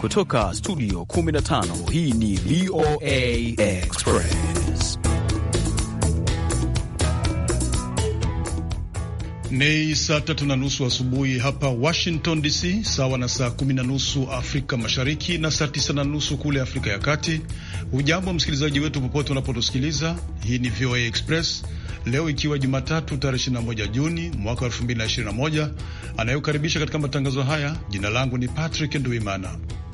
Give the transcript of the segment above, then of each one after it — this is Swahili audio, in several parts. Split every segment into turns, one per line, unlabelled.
Kutoka studio 15 hii ni VOA Express. Ni saa tatu na nusu asubuhi hapa Washington DC, sawa na saa kumi na nusu Afrika Mashariki na saa tisa na nusu kule Afrika ya Kati. Hujambo msikilizaji wetu popote unapotusikiliza. Hii ni VOA Express leo ikiwa Jumatatu tarehe 21 Juni mwaka 2021, anayokaribisha katika matangazo haya. Jina langu ni Patrick Nduimana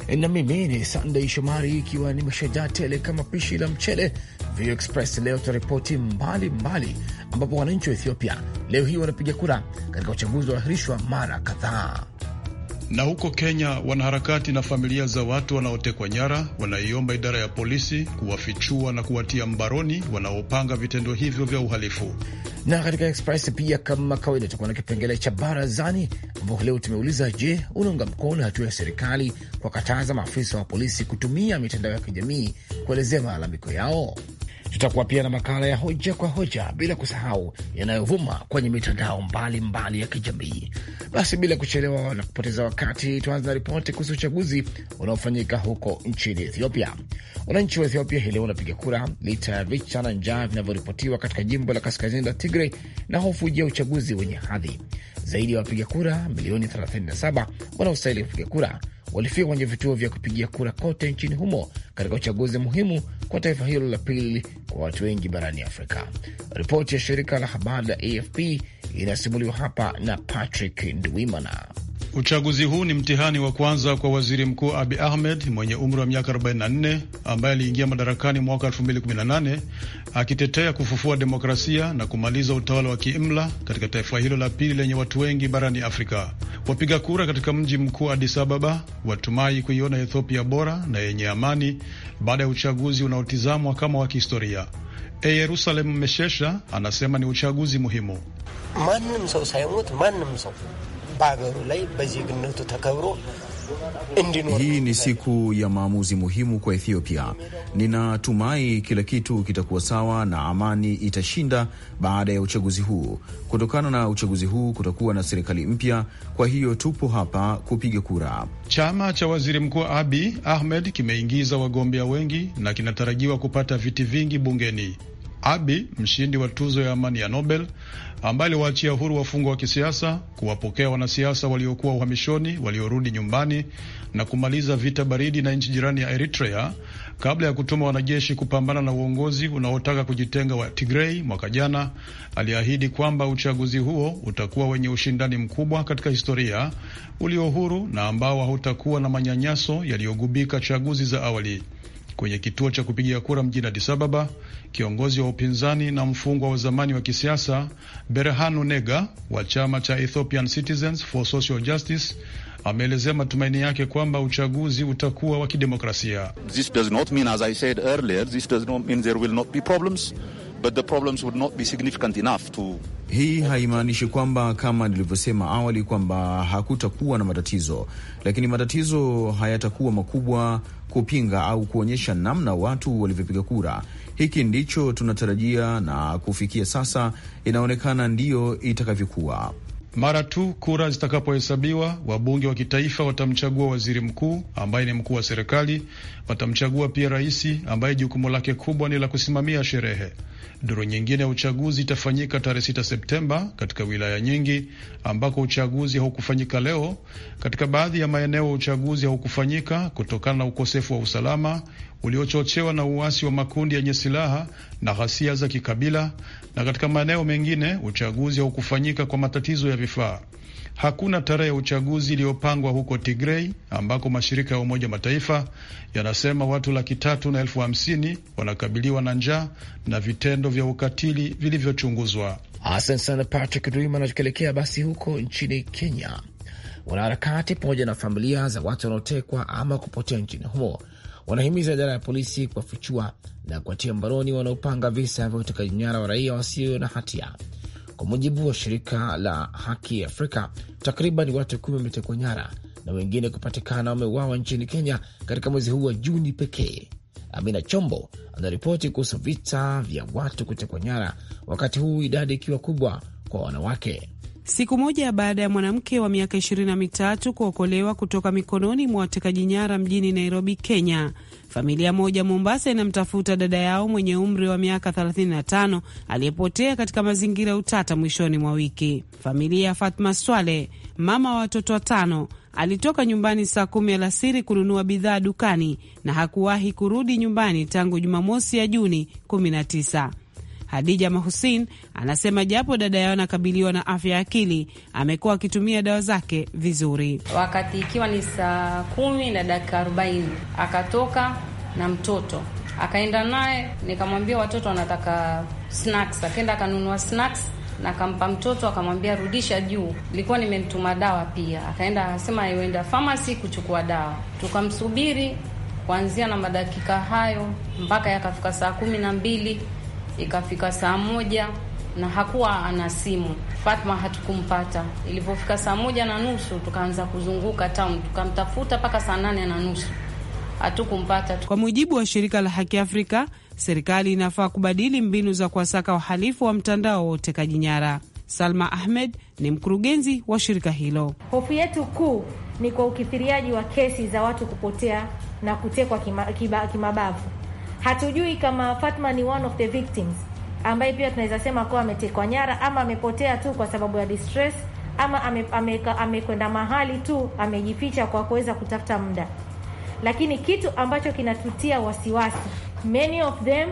Eh, na mimi ni Sandey Shomari, ikiwa ni mashajaa tele kama pishi la mchele. Vio Express leo tunaripoti mbali mbali, ambapo wananchi wa Ethiopia leo hii wanapiga kura katika uchaguzi wa mara
kadhaa. Na huko Kenya, wanaharakati na familia za watu wanaotekwa nyara wanaiomba idara ya polisi kuwafichua na kuwatia mbaroni wanaopanga vitendo hivyo vya uhalifu.
Na katika Express pia kama kawaida, tutakuwa na kipengele cha barazani, ambapo leo tumeuliza, je, unaunga mkono hatua ya serikali kwa kataza maafisa wa polisi kutumia mitandao ya kijamii kuelezea malalamiko yao? Tutakuwa pia na makala ya hoja kwa hoja, bila kusahau yanayovuma kwenye mitandao mbalimbali mbali ya kijamii. Basi bila kuchelewa na kupoteza wakati, tuanze na ripoti kuhusu uchaguzi unaofanyika huko nchini Ethiopia. Wananchi wa Ethiopia hii leo wanapiga kura licha ya vicha na njaa vinavyoripotiwa katika jimbo la kaskazini la Tigray na hofu juu ya uchaguzi wenye hadhi. Zaidi ya wapiga kura milioni 37 wanaostahili kupiga kura walifika kwenye vituo vya kupigia kura kote nchini humo katika uchaguzi muhimu kwa taifa hilo la pili kwa watu wengi barani Afrika. Ripoti ya shirika la habari la AFP inasimuliwa hapa na Patrick Ndwimana.
Uchaguzi huu ni mtihani wa kwanza kwa waziri mkuu Abi Ahmed mwenye umri wa miaka 44 ambaye aliingia madarakani mwaka 2018 akitetea kufufua demokrasia na kumaliza utawala wa kiimla katika taifa hilo la pili lenye watu wengi barani Afrika. Wapiga kura katika mji mkuu Addis Ababa watumai kuiona Ethiopia bora na yenye amani baada ya uchaguzi unaotizamwa kama wa kihistoria. E, Yerusalemu Meshesha anasema ni uchaguzi muhimu. በሀገሩ
ላይ በዜግነቱ ተከብሮ
እንዲኖር። Hii ni siku ya maamuzi muhimu kwa Ethiopia. Ninatumai kila kitu kitakuwa sawa na amani itashinda baada ya uchaguzi huu. Kutokana na uchaguzi huu kutakuwa na serikali mpya, kwa hiyo tupo hapa kupiga kura. Chama cha Waziri Mkuu abi Ahmed kimeingiza wagombea wengi na kinatarajiwa kupata viti vingi bungeni. abi mshindi wa tuzo ya amani ya Nobel, ambaye aliwaachia huru wafungwa wa kisiasa, kuwapokea wanasiasa waliokuwa uhamishoni waliorudi nyumbani na kumaliza vita baridi na nchi jirani ya Eritrea kabla ya kutuma wanajeshi kupambana na uongozi unaotaka kujitenga wa Tigrei mwaka jana, aliahidi kwamba uchaguzi huo utakuwa wenye ushindani mkubwa katika historia, ulio huru na ambao hautakuwa na manyanyaso yaliyogubika chaguzi za awali. Kwenye kituo cha kupigia kura mjini Addis Ababa, kiongozi wa upinzani na mfungwa wa zamani wa kisiasa Berhanu Nega wa chama cha Ethiopian Citizens for Social Justice ameelezea matumaini yake kwamba uchaguzi utakuwa wa kidemokrasia. This does not mean, as I said earlier, this does not mean there will not be problems. But the problems would not be significant enough to... Hii haimaanishi kwamba kama nilivyosema awali kwamba hakutakuwa na matatizo, lakini matatizo hayatakuwa makubwa kupinga au kuonyesha namna watu walivyopiga kura. Hiki ndicho tunatarajia na kufikia sasa inaonekana ndiyo itakavyokuwa. Mara tu kura zitakapohesabiwa, wabunge wa kitaifa watamchagua waziri mkuu ambaye ni mkuu wa serikali. Watamchagua pia raisi ambaye jukumu lake kubwa ni la kusimamia sherehe. Duru nyingine ya uchaguzi itafanyika tarehe sita Septemba katika wilaya nyingi ambako uchaguzi haukufanyika leo. Katika baadhi ya maeneo uchaguzi haukufanyika kutokana na ukosefu wa usalama uliochochewa na uasi wa makundi yenye silaha na ghasia za kikabila na katika maeneo mengine uchaguzi haukufanyika kwa matatizo ya vifaa. Hakuna tarehe ya uchaguzi iliyopangwa huko Tigrei ambako mashirika ya Umoja Mataifa yanasema watu laki tatu na elfu hamsini wanakabiliwa na njaa na vitendo vya ukatili vilivyochunguzwa. Asante sana Patrick Duimana. Tukielekea basi huko nchini Kenya,
wanaharakati pamoja na familia za watu wanaotekwa ama kupotea nchini humo wanahimiza idara ya polisi kuwafichua na kuwatia mbaroni wanaopanga visa vya utekaji nyara wa raia wasio na hatia. Kwa mujibu wa shirika la Haki Afrika, takriban watu kumi wametekwa nyara na wengine kupatikana wameuawa nchini Kenya katika mwezi huu wa Juni pekee. Amina Chombo anaripoti kuhusu vita vya watu kutekwa nyara, wakati huu idadi ikiwa kubwa kwa wanawake
siku moja baada ya mwanamke wa miaka ishirini na mitatu kuokolewa kutoka mikononi mwa watekaji nyara mjini Nairobi, Kenya. Familia moja Mombasa inamtafuta dada yao mwenye umri wa miaka 35 aliyepotea katika mazingira ya utata mwishoni mwa wiki. Familia ya Fatma Swale, mama wa watoto watano, alitoka nyumbani saa kumi alasiri kununua bidhaa dukani na hakuwahi kurudi nyumbani tangu Jumamosi ya Juni 19. Hadija Mahusin anasema japo dada yao anakabiliwa na afya ya akili, amekuwa akitumia dawa zake vizuri. Wakati ikiwa ni saa kumi na dakika arobaini akatoka na mtoto akaenda naye, nikamwambia watoto wanataka snacks, akaenda akanunua snacks na akampa mtoto akamwambia rudisha juu. Nilikuwa nimemtuma dawa pia, akaenda akasema ienda pharmacy kuchukua dawa. Tukamsubiri kuanzia na madakika hayo mpaka yakafika saa kumi na mbili Ikafika saa moja na hakuwa ana simu Fatma, hatukumpata. Ilivyofika saa moja na nusu tukaanza kuzunguka town, tukamtafuta mpaka saa nane na nusu hatukumpata. Kwa mujibu wa shirika la Haki Afrika, serikali inafaa kubadili mbinu za kuwasaka wahalifu wa mtandao wa utekaji nyara. Salma Ahmed ni mkurugenzi wa shirika hilo.
Hofu yetu kuu ni kwa ukithiriaji wa kesi za watu kupotea na kutekwa kimabavu kima Hatujui kama Fatma ni one of the victims ambaye pia tunaweza sema kuwa ametekwa nyara ama amepotea tu kwa sababu ya distress ama amekwenda ame, ame mahali tu amejificha kwa kuweza kutafuta muda. Lakini kitu ambacho kinatutia wasiwasi, many of them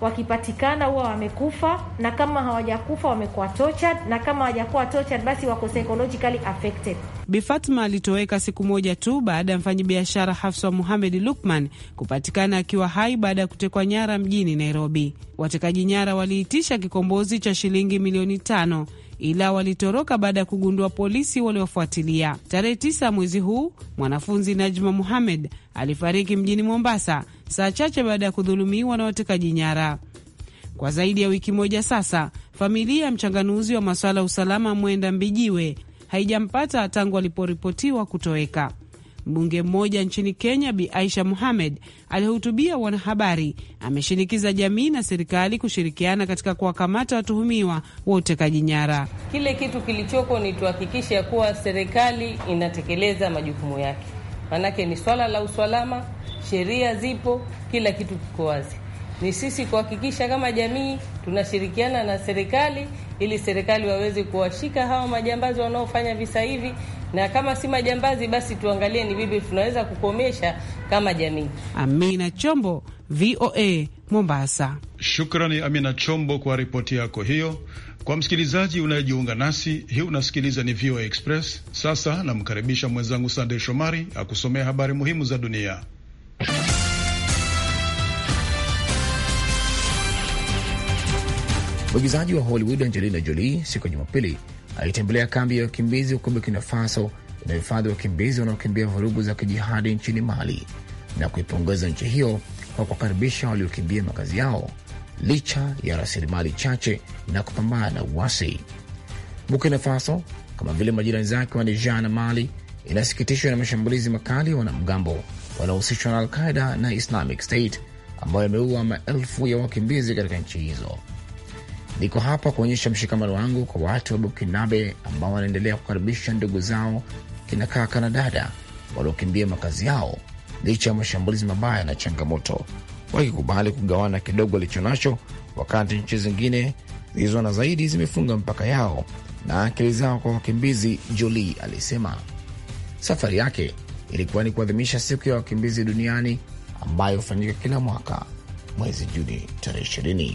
wakipatikana huwa wamekufa, na kama hawajakufa wamekuwa tortured, na kama hawajakuwa tortured basi wako psychologically affected.
Bi Fatma alitoweka siku moja tu baada ya mfanyabiashara Hafsa Muhamed Lukman kupatikana akiwa hai baada ya kutekwa nyara mjini Nairobi. Watekaji nyara waliitisha kikombozi cha shilingi milioni tano ila walitoroka baada ya kugundua polisi waliofuatilia. Tarehe tisa mwezi huu mwanafunzi Najma Muhamed alifariki mjini Mombasa saa chache baada ya kudhulumiwa na watekaji nyara. Kwa zaidi ya wiki moja sasa, familia ya mchanganuzi wa masuala ya usalama Mwenda Mbijiwe haijampata tangu aliporipotiwa kutoweka. Mbunge mmoja nchini Kenya, Bi Aisha Muhamed, aliyehutubia wanahabari, ameshinikiza jamii na serikali kushirikiana katika kuwakamata watuhumiwa wa utekaji nyara.
Kile kitu kilichoko ni tuhakikishe ya kuwa serikali inatekeleza majukumu yake, maanake ni swala la usalama, sheria zipo, kila kitu kiko wazi. Ni sisi kuhakikisha kama jamii tunashirikiana na serikali ili serikali waweze kuwashika hawa majambazi wanaofanya visa hivi, na kama si majambazi, basi tuangalie ni vipi tunaweza kukomesha kama jamii.
Amina Chombo, VOA Mombasa.
Shukrani Amina Chombo kwa ripoti yako hiyo. Kwa msikilizaji unayejiunga nasi, hii unasikiliza ni VOA Express. Sasa namkaribisha mwenzangu Sandey Shomari akusomea habari muhimu za dunia.
Mwigizaji wa Hollywood Angelina Jolie siku ya Jumapili alitembelea kambi ya wakimbizi huko Burkina Faso inayohifadhi wakimbizi wanaokimbia vurugu za kijihadi nchini Mali na kuipongeza nchi hiyo kwa kuwakaribisha waliokimbia makazi yao licha ya rasilimali chache na kupambana na uwasi Burkina Faso kama vile majirani zake wa Niger na Mali inasikitishwa na mashambulizi makali ya wanamgambo wanaohusishwa na Alqaida na Islamic State ambayo yameua maelfu ya wakimbizi katika nchi hizo. Niko hapa kuonyesha mshikamano wangu kwa watu wa Bukinabe ambao wanaendelea kukaribisha ndugu zao kina kaka na dada waliokimbia makazi yao licha ya mashambulizi mabaya na changamoto, wakikubali kugawana kidogo nacho, wakati nchi zingine zilizo na zaidi zimefunga mpaka yao na akili zao kwa wakimbizi, Juli alisema. Safari yake ilikuwa ni kuadhimisha siku ya wakimbizi duniani ambayo hufanyika kila mwaka mwezi Juni tarehe 20.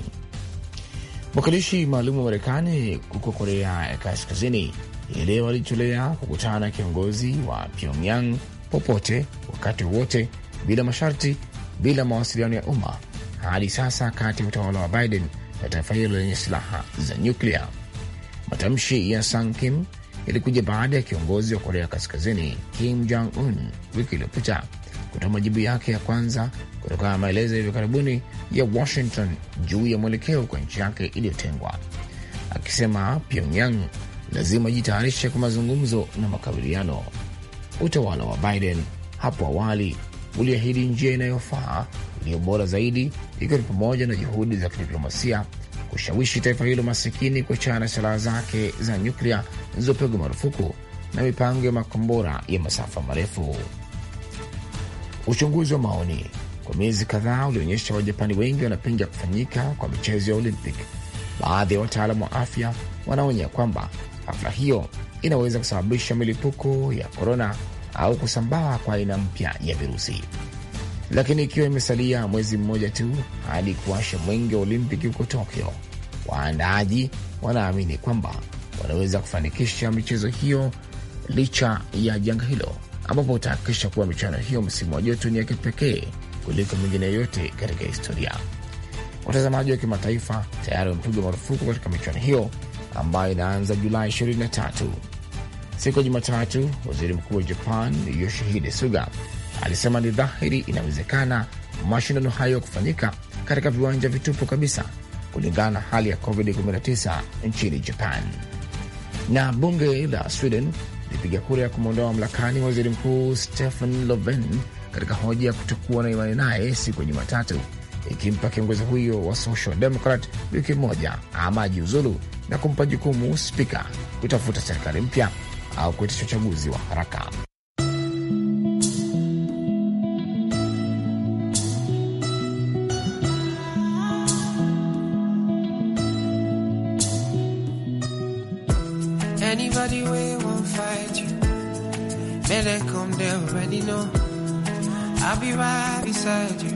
Mwakilishi maalum wa Marekani huko Korea ya Kaskazini hii leo alijitolea kukutana na kiongozi wa Pyongyang popote, wakati wowote, bila masharti, bila mawasiliano ya umma hadi sasa kati ya utawala wa Biden na taifa hilo lenye silaha za nyuklia. Matamshi ya Sang Kim yalikuja baada ya kiongozi wa Korea Kaskazini Kim Jong Un wiki iliyopita kutoa majibu yake ya kwanza kutokana na maelezo ya hivi karibuni ya Washington juu ya mwelekeo kwa nchi yake iliyotengwa, akisema Pyongyang lazima jitayarishe kwa mazungumzo na makabiliano. Utawala wa Biden hapo awali uliahidi njia inayofaa iliyo bora zaidi, ikiwa ni pamoja na juhudi za kidiplomasia kushawishi taifa hilo masikini kuachana na silaha zake za nyuklia zilizopigwa marufuku na mipango ya makombora ya masafa marefu. Uchunguzi wa maoni kwa miezi kadhaa ulionyesha Wajapani wengi wanapinga kufanyika kwa michezo ya Olympic. Baadhi ya wataalamu wa afya wanaonya kwamba hafla hiyo inaweza kusababisha milipuko ya korona au kusambaa kwa aina mpya ya virusi. Lakini ikiwa imesalia mwezi mmoja tu hadi kuwasha mwenge wa olimpik huko Tokyo, waandaaji wanaamini kwamba wanaweza kufanikisha michezo hiyo licha ya janga hilo ambapo utahakikisha kuwa michuano hiyo msimu wa joto ni ya kipekee kuliko mingine yote katika historia. Watazamaji wa kimataifa tayari wamepigwa marufuku katika michuano hiyo ambayo inaanza Julai 23. Siku ya Jumatatu, waziri mkuu wa Japan Yoshihide Suga alisema ni dhahiri inawezekana mashindano hayo kufanyika katika viwanja vitupu kabisa kulingana na hali ya COVID-19 nchini Japan. Na bunge la Sweden ilipiga kura ya kumwondoa mamlakani waziri mkuu Stephen Loven katika hoja ya kutokuwa na imani naye siku ya Jumatatu, ikimpa kiongozi huyo wa Social Democrat wiki moja ama ajiuzulu na kumpa jukumu spika kutafuta serikali mpya au kuitisha uchaguzi wa haraka.
be right beside you,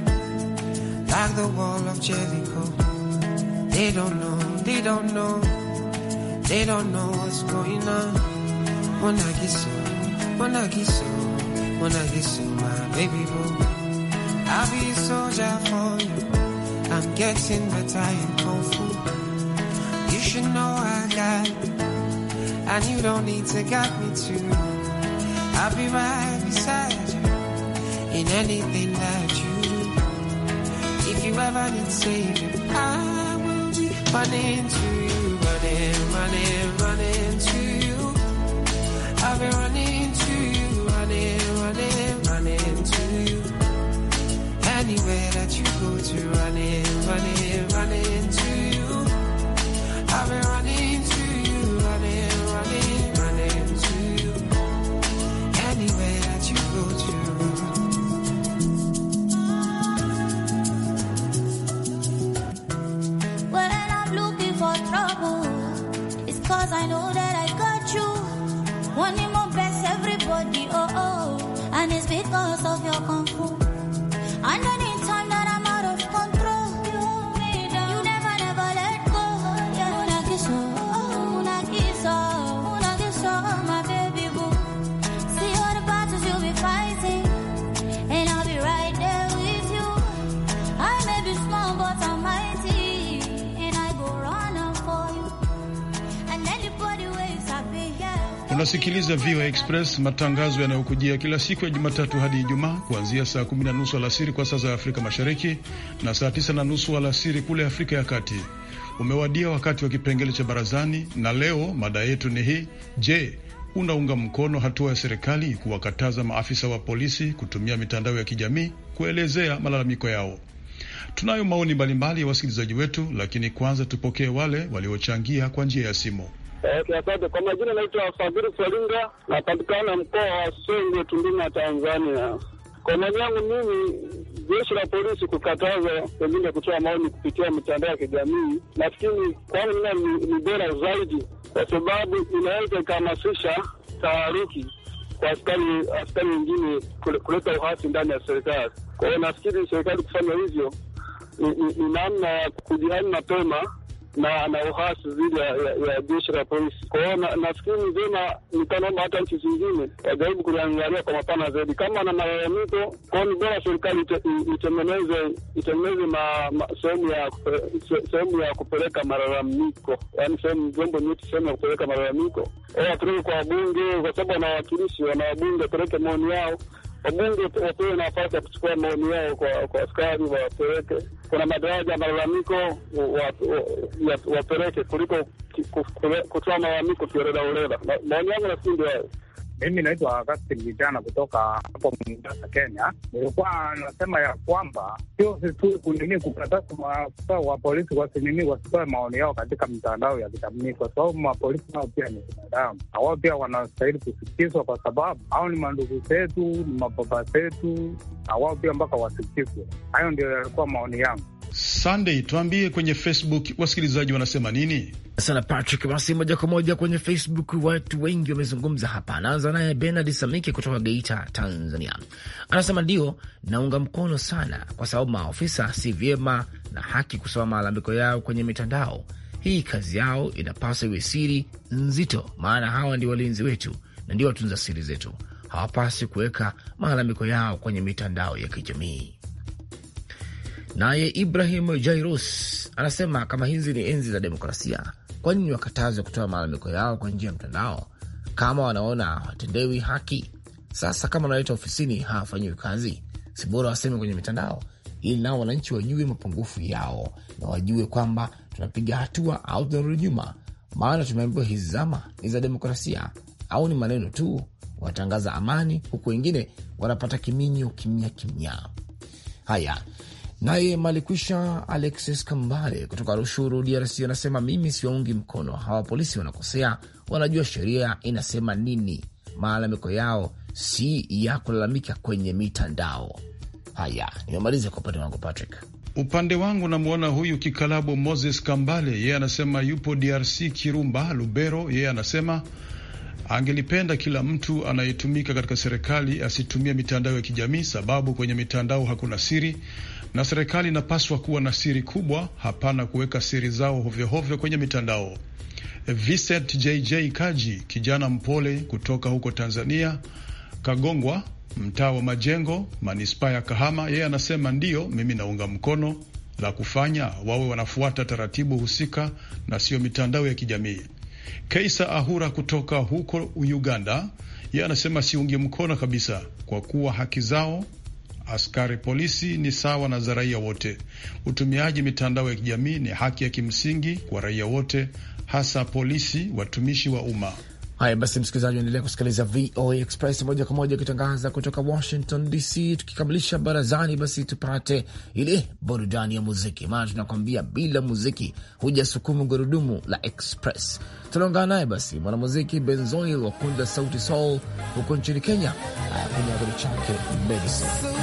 like the wall of Jericho. They don't know, they don't know, they don't know what's going on. When I get so, when I get so, when I get so, my baby boy, I'll be a soldier for you. I'm getting better in kung fu. You should know I got you, and you don't need to guide me too. I'll be right beside in anything that you. do, If you ever need saving, I will be running to you, running, running, running to you. i have been running to you, running, running, running to you. Anywhere that you go to, running, running, running to you. i have been running. Cause I know that I got you. Wanting my best, everybody, oh oh. And it's because of your comfort.
Unasikiliza VOA Express, matangazo yanayokujia kila siku ya Jumatatu hadi Ijumaa kuanzia saa kumi na nusu alasiri kwa saa za Afrika Mashariki na saa tisa na nusu alasiri kule Afrika ya Kati. Umewadia wakati wa kipengele cha barazani, na leo mada yetu ni hii: Je, unaunga mkono hatua ya serikali kuwakataza maafisa wa polisi kutumia mitandao ya kijamii kuelezea malalamiko yao? Tunayo maoni mbalimbali ya wasikilizaji wetu, lakini kwanza tupokee wale waliochangia kwa njia ya simu. Eh, Asante. Kwa majina naitwa Fadhili Falinga, napatikana mkoa wa Songwe, Tunduma, Tanzania. Kwa maoni yangu mimi, jeshi la polisi kukataza pengine kutoa maoni kupitia mitandao ya kijamii, nafikiri kwani mna ni bora zaidi, kwa sababu inaweza ikahamasisha taharuki kwa askari wengine kuleta uhasi ndani ya serikali. Kwa hiyo nafikiri serikali kufanya hivyo ni namna ya kujihani mapema na na uhasi zile ya, ya jeshi la polisi. Kwa hiyo nafikiri na vyema nikanomba hata nchi zingine wajaribu kuliangalia kwa mapana zaidi, kama na malalamiko kwao, ni bora serikali itengeneze itengeneze sehemu ya eh, sehemu ya kupeleka malalamiko, yaani
sehemu vyombo nyeti, sehemu ya kupeleka malalamiko, wapeleke eh, kwa wabunge, kwa sababu wakilishi, wana wabunge, wapeleke maoni yao wabunge wapewe nafasi ya kuchukua maoni yao kwa kwa askari
wapeleke. Kuna madaraja ya malalamiko wapeleke kuliko kutoa malalamiko kiolela ulela. Maoni yangu nasindio hayo. Mimi naitwa Agustin vijana kutoka hapo Mombasa, Kenya. Nilikuwa nasema ya kwamba sio vizuri kunini kukataza maafisa wa polisi wasinini wasitoe maoni yao katika mitandao ya kijamii, kwa sababu mapolisi nao pia ni binadamu, na wao pia wanastahili kusikizwa, kwa sababu hao ni mandugu zetu, ni mababa zetu, na wao pia mpaka wasikizwe. Hayo ndio yalikuwa maoni yangu. Sunday, tuambie kwenye Facebook wasikilizaji wanasema nini?
Sana Patrick, basi moja kwa moja kwenye Facebook, watu wengi wamezungumza hapa. Anaanza naye Benard Samike kutoka Geita, Tanzania, anasema ndio, naunga mkono sana, kwa sababu maofisa si vyema na haki kusoma malalamiko yao kwenye mitandao. Hii kazi yao inapaswa iwe siri nzito, maana hawa ndio walinzi wetu na ndio watunza siri zetu. Hawapasi kuweka malalamiko yao kwenye mitandao ya kijamii. Naye Ibrahim Jairus anasema kama hizi ni enzi za demokrasia, kwa nini wakatazwe kutoa malalamiko yao kwa njia ya mtandao kama wanaona hawatendewi haki? Sasa kama analeta ofisini hawafanyiwi kazi, si bora waseme kwenye mitandao, ili nao wananchi wajue mapungufu yao na wajue kwamba tunapiga hatua au tunarudi nyuma, maana tumeambiwa hizi zama ni za demokrasia au ni maneno tu, watangaza amani huku wengine wanapata kiminyo kimya kimya. Haya. Naye Malikwisha Alexis Kambale kutoka Rushuru, DRC, anasema mimi siwaungi mkono hawa polisi, wanakosea, wanajua sheria inasema nini. Malalamiko yao si ya kulalamika kwenye mitandao. Haya, nimemaliza kwa upande wangu,
Patrick. Upande wangu namwona huyu kikalabu Moses Kambale, yeye anasema yupo DRC, Kirumba, Lubero. Yeye anasema angelipenda kila mtu anayetumika katika serikali asitumie mitandao ya kijamii, sababu kwenye mitandao hakuna siri na serikali inapaswa kuwa na siri kubwa, hapana kuweka siri zao hovyohovyo kwenye mitandao. Vincent JJ Kaji, kijana mpole kutoka huko Tanzania, Kagongwa, mtaa wa Majengo, manispaa ya Kahama, yeye anasema ndiyo, mimi naunga mkono la kufanya wawe wanafuata taratibu husika na siyo mitandao ya kijamii. Keisa Ahura kutoka huko Uganda, yeye anasema siungi mkono kabisa, kwa kuwa haki zao Askari polisi ni sawa na za raia wote. Utumiaji mitandao ya kijamii ni haki ya kimsingi kwa raia wote, hasa polisi, watumishi wa umma. Haya basi, msikilizaji, endelea kusikiliza VOA Express
moja kwa moja ikitangaza kutoka Washington DC. Tukikamilisha barazani, basi tupate ile burudani ya muziki, maana tunakwambia bila muziki hujasukumu gurudumu la Express. Tunaungana naye basi mwanamuziki Benzoil wa kunda Sauti Sol huko nchini
Kenya, kwenye agoro chake Medicine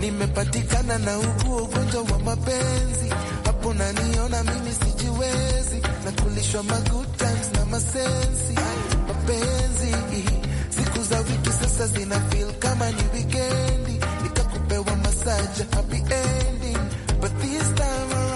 nimepatikana na ugonjwa wa mapenzi unaniona mimi sijiwezi, na kulishwa good times na masensi mapenzi. Siku za wiki sasa zina feel kama ni weekend, nikakupewa masaja happy ending but this time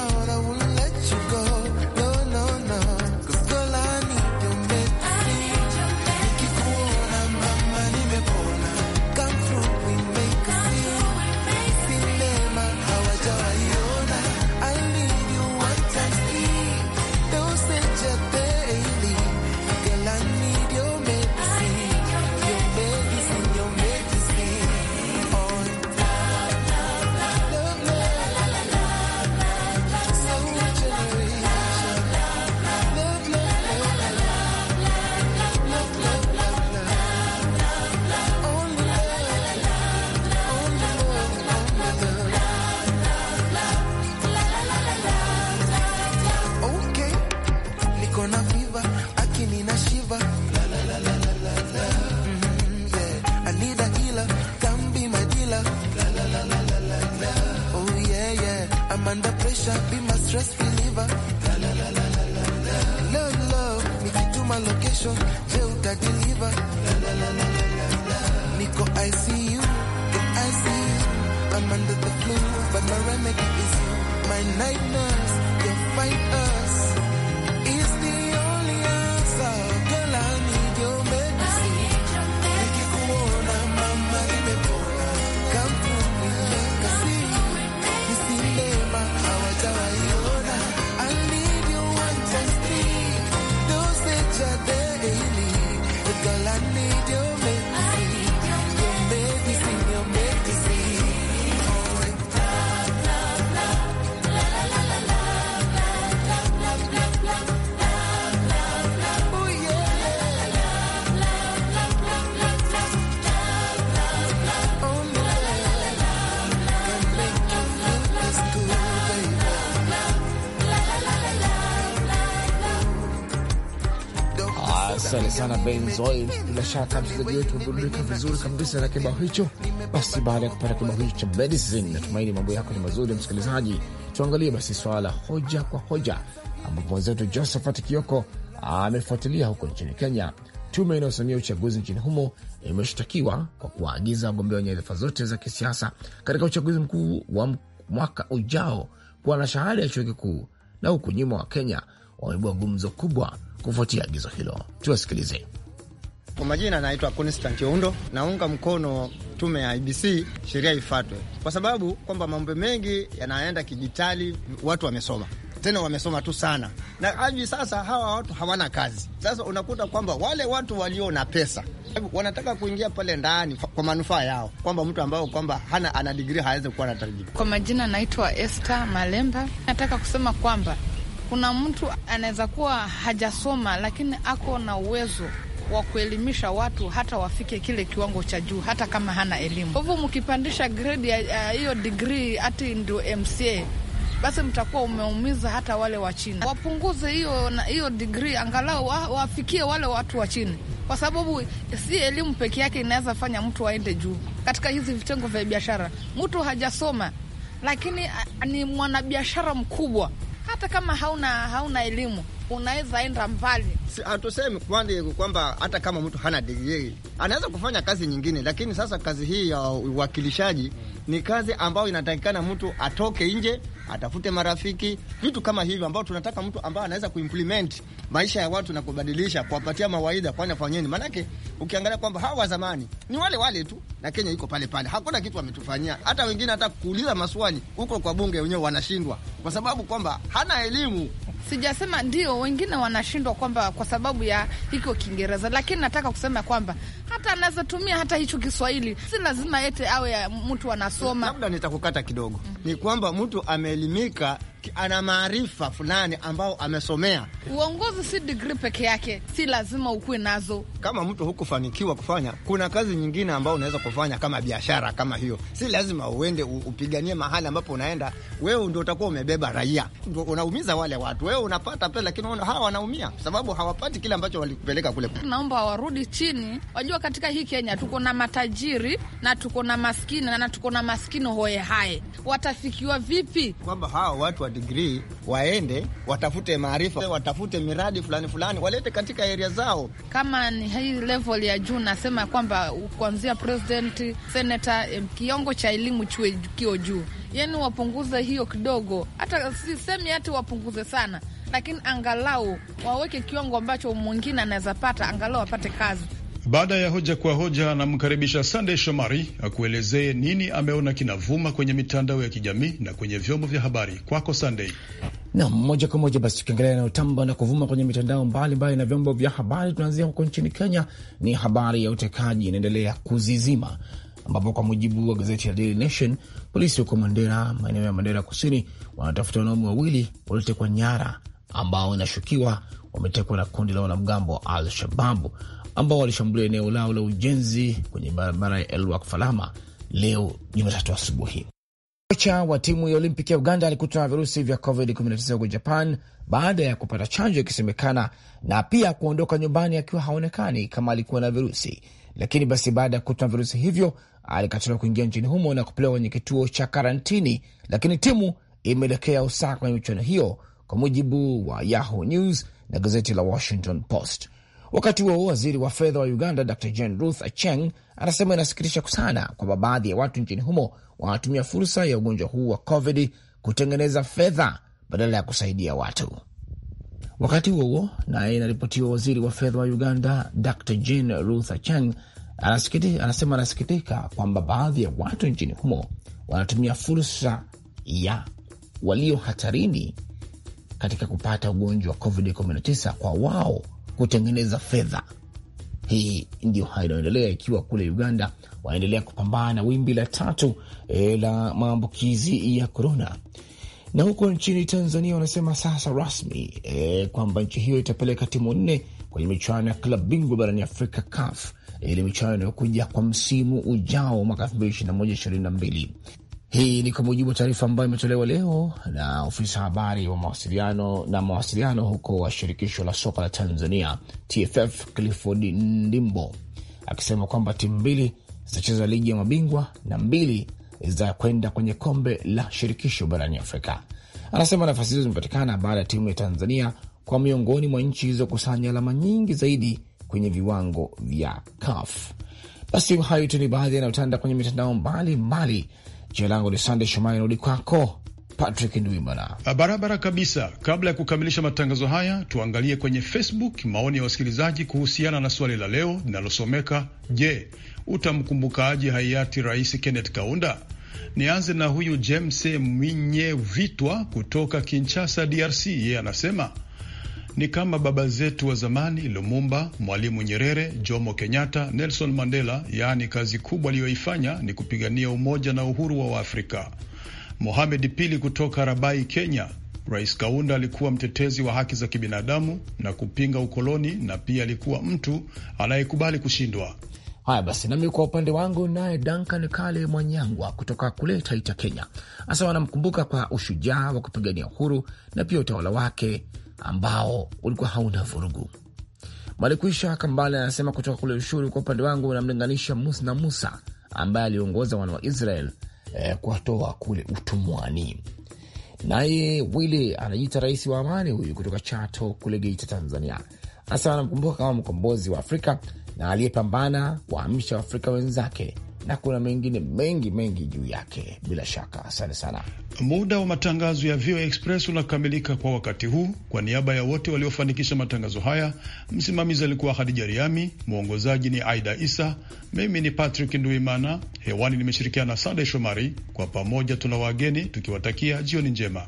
sana Benzoi. Bila shaka msikilizaji wetu ameburudika vizuri kabisa na kibao hicho. Basi baada ya kupata kibao hicho cha medicine, natumaini mambo yako ni mazuri msikilizaji. Tuangalie basi swala hoja kwa hoja, ambapo mwenzetu Josephat Kioko amefuatilia huko nchini Kenya. Tume inayosimamia uchaguzi nchini humo imeshtakiwa kwa kuwaagiza wagombea wa nyadhifa zote za kisiasa katika uchaguzi mkuu wa mwaka ujao kuwa na shahada ya chuo kikuu, na huku nyuma wa Kenya wamebua gumzo kubwa kufuatia agizo hilo. Tuwasikilize.
Kwa majina naitwa Constant Oundo, naunga mkono tume ya IBC, sheria ifuatwe, kwa sababu kwamba mambo mengi yanaenda kijitali watu wamesoma tena wamesoma tu sana, na hivi sasa hawa watu hawana kazi. Sasa unakuta kwamba wale watu walio na pesa wanataka kuingia pale ndani kwa manufaa yao, kwamba mtu ambao kwamba hana ana digrii hawezi kuwa na tarjii. Kwa
majina naitwa Esther Malemba, nataka kusema kwamba kuna mtu anaweza kuwa hajasoma lakini ako na uwezo wa kuelimisha watu hata wafike kile kiwango cha juu, hata kama hana elimu. Kwa hivyo mkipandisha gredi ya hiyo digrii hati ndio MCA, basi mtakuwa umeumiza hata wale wa chini. Wapunguze hiyo hiyo digrii, angalau wafikie wale watu wa chini, kwa sababu si elimu peke yake inaweza fanya mtu aende juu. Katika hizi vitengo vya biashara, mtu hajasoma lakini ni mwanabiashara mkubwa hata kama hauna hauna elimu unaweza enda
mbali. Hatusemi kwani kwamba hata kama mtu hana degree anaweza kufanya kazi nyingine, lakini sasa kazi hii ya uwakilishaji ni kazi ambayo inatakikana mtu atoke nje, atafute marafiki, vitu kama hivyo, ambao tunataka mtu ambaye anaweza kuimplement maisha ya watu na kubadilisha, kuwapatia mawaidha, kwani afanyeni, maanake ukiangalia kwamba hawa wa zamani ni wale wale tu, na Kenya iko pale pale, hakuna kitu wametufanyia. Hata wengine hata kuuliza maswali huko kwa bunge wenyewe wanashindwa, kwa sababu kwamba hana elimu. Sijasema ndio wengine wanashindwa
kwamba kwa sababu ya hiko Kiingereza, lakini nataka kusema kwamba hata anaweza tumia hata hicho Kiswahili, si lazima ete awe mtu anasoma. Labda
nitakukata kidogo, ni kwamba mtu ameelimika ana maarifa fulani ambao amesomea.
Uongozi si degree peke yake, si lazima ukuwe nazo.
Kama mtu hukufanikiwa kufanya, kuna kazi nyingine ambao unaweza kufanya kama biashara kama hiyo. Si lazima uende upiganie mahali ambapo unaenda wewe, ndio utakuwa umebeba raia, ndio unaumiza wale watu. Wewe unapata pesa, lakini unaona hawa wanaumia sababu hawapati kile ambacho walikupeleka kule.
Naomba warudi chini, wajua katika hii Kenya tuko na matajiri na tuko na maskini na tuko na maskini hoye hai, watafikiwa vipi
kwamba hawa watu degree waende watafute maarifa, watafute miradi fulani fulani walete katika area zao.
Kama ni hii level ya juu, nasema kwamba kuanzia president, senator, kiongo cha elimu chuo kio juu, yani wapunguze hiyo kidogo, hata sisemi hati wapunguze sana, lakini angalau waweke kiwango ambacho mwingine anaweza pata, angalau apate kazi
baada ya hoja kwa hoja, anamkaribisha Sandey Shomari akuelezee nini ameona kinavuma kwenye mitandao ya kijamii na kwenye vyombo vya habari. Kwako Sandey.
Nam, moja kwa moja basi, tukiangalia yanayotamba na kuvuma kwenye mitandao mbalimbali na vyombo vya habari, tunaanzia huko nchini Kenya. Ni habari ya utekaji inaendelea kuzizima, ambapo kwa mujibu wa gazeti la Daily Nation, polisi huko Mandera, maeneo ya Mandera Kusini, wanatafuta wanaume wawili waliotekwa nyara, ambao inashukiwa wametekwa na kundi la wanamgambo wa Al Shababu ambao walishambulia eneo lao la ujenzi kwenye barabara ya Elwak Falama leo Jumatatu asubuhi. Kocha wa timu ya Olimpiki ya Uganda alikutwa na virusi vya COVID-19 huko Japan baada ya kupata chanjo ikisemekana, na pia kuondoka nyumbani akiwa haonekani kama alikuwa na virusi, lakini basi baada ya kukutwa na virusi hivyo alikataliwa kuingia nchini humo na kupelewa kwenye kituo cha karantini, lakini timu imeelekea Osaka kwenye michuano hiyo, kwa mujibu wa Yahoo News na gazeti la Washington Post. Wakati huo waziri wa fedha wa Uganda Dr Jane Ruth Acheng anasema inasikitisha sana kwamba baadhi ya watu nchini humo wanatumia fursa ya ugonjwa huu wa COVID kutengeneza fedha badala ya kusaidia watu. Wakati huo huo, naye inaripotiwa waziri wa fedha wa Uganda Dr Jane Ruth Acheng anasikiti, anasema anasikitika kwamba baadhi ya watu nchini humo wanatumia fursa ya walio hatarini katika kupata ugonjwa wa COVID-19 kwa wao kutengeneza fedha. Hii ndio hayo inayoendelea, ikiwa kule Uganda wanaendelea kupambana na wimbi la tatu e, la maambukizi ya korona. Na huko nchini Tanzania wanasema sasa rasmi e, kwamba nchi hiyo itapeleka timu nne kwenye michuano ya klabu bingwa barani Afrika, CAF, ili michuano inayokuja kwa msimu ujao mwaka elfu mbili ishirini na moja ishirini na mbili. Hii ni kwa mujibu wa taarifa ambayo imetolewa leo na ofisa habari wa mawasiliano na mawasiliano huko wa shirikisho la soka la Tanzania TFF Clifford Ndimbo akisema kwamba timu mbili zitacheza ligi ya mabingwa na mbili za kwenda kwenye kombe la shirikisho barani Afrika. Anasema nafasi hizo zimepatikana baada ya timu ya Tanzania kwa miongoni mwa nchi zilizokusanya alama nyingi zaidi kwenye viwango vya CAF. Basi hayo tu ni baadhi yanayotanda kwenye mitandao mbalimbali. Jina langu ni Sande Shomai, narudi kwako Patrick Ndwimana.
Ah, barabara kabisa. Kabla ya kukamilisha matangazo haya, tuangalie kwenye Facebook maoni ya wasikilizaji kuhusiana na swali la leo linalosomeka je, utamkumbukaje hayati Rais Kenneth Kaunda? Nianze na huyu James Mwinye Vitwa kutoka Kinshasa, DRC. Yeye anasema ni kama baba zetu wa zamani Lumumba, Mwalimu Nyerere, Jomo Kenyatta, Nelson Mandela. Yaani kazi kubwa aliyoifanya ni kupigania umoja na uhuru wa Waafrika. Mohamed Pili kutoka Rabai, Kenya. Rais Kaunda alikuwa mtetezi wa haki za kibinadamu na kupinga ukoloni na pia alikuwa mtu anayekubali kushindwa. Haya basi, nami kwa upande
wangu, naye Duncan Kale Mwanyangwa kutoka kule Taita, Kenya, hasa wanamkumbuka kwa ushujaa wa kupigania uhuru na pia utawala wake ambao ulikuwa hauna vurugu. Malikwisha Kambale anasema kutoka kule ushuru, kwa upande wangu unamlinganisha na Musa ambaye aliongoza wana wa Israel eh, kuwatoa kule utumwani. Naye Wili anajiita rais wa amani huyu kutoka Chato kule Geita, Tanzania, hasa anamkumbuka kama mkombozi wa Afrika na aliyepambana kuamsha Waafrika wenzake na kuna mengine mengi mengi juu yake, bila shaka. Asante sana.
Muda wa matangazo ya VOA Express unakamilika kwa wakati huu. Kwa niaba ya wote waliofanikisha matangazo haya, msimamizi alikuwa Hadija Riami, mwongozaji ni Aida Isa, mimi ni Patrick Nduimana, hewani nimeshirikiana na Sande Shomari. Kwa pamoja tuna wageni tukiwatakia jioni njema.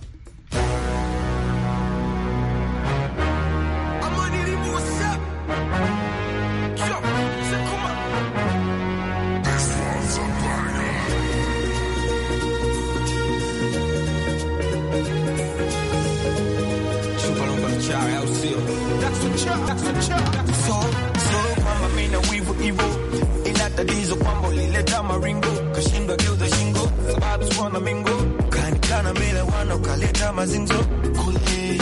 sio? So so kwamba mimi na wivu hivyo, ina tatizo kwamba ulileta maringo kashindwa geuza shingo, sababu sikuona mingo kanikana mila wana ukaleta mazinzo kule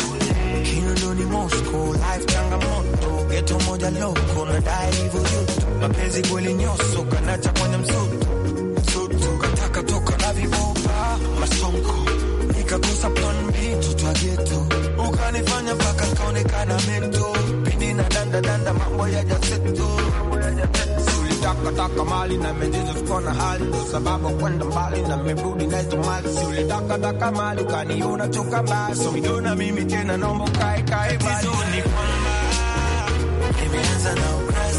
Kinondoni Moscow, life changamoto geto moja loko na dai hivyo yote mapenzi kweli nyoso kanacha kwenye msoto msoto kataka toka na vibopa masonko nikakosa plan B tutwa geto nikaonekana meto pindi na danda danda, mambo ya jazetu Taka mali na menjizo tukona hali ndo sababu kwenda mbali na mebudi na hizo mali si ulitaka taka mali kaniona choka mbali so midona mimi tena nombo kae kae bali ni kwamba imeanza na ukra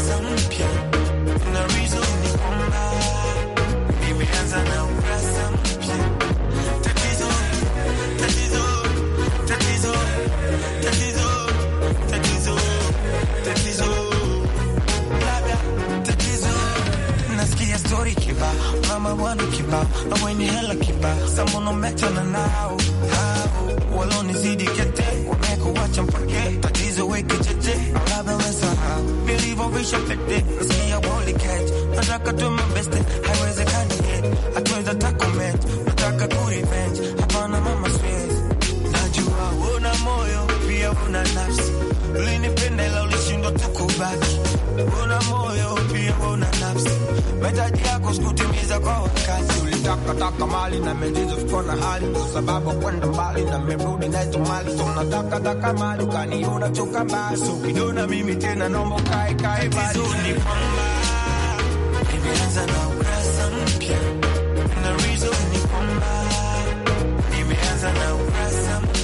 kutoka maso kidona. Mimi tena naomba kae kae vizuri, kwamba nimeanza na ukurasa mpya na ni kwamba nimeanza na ukurasa mpya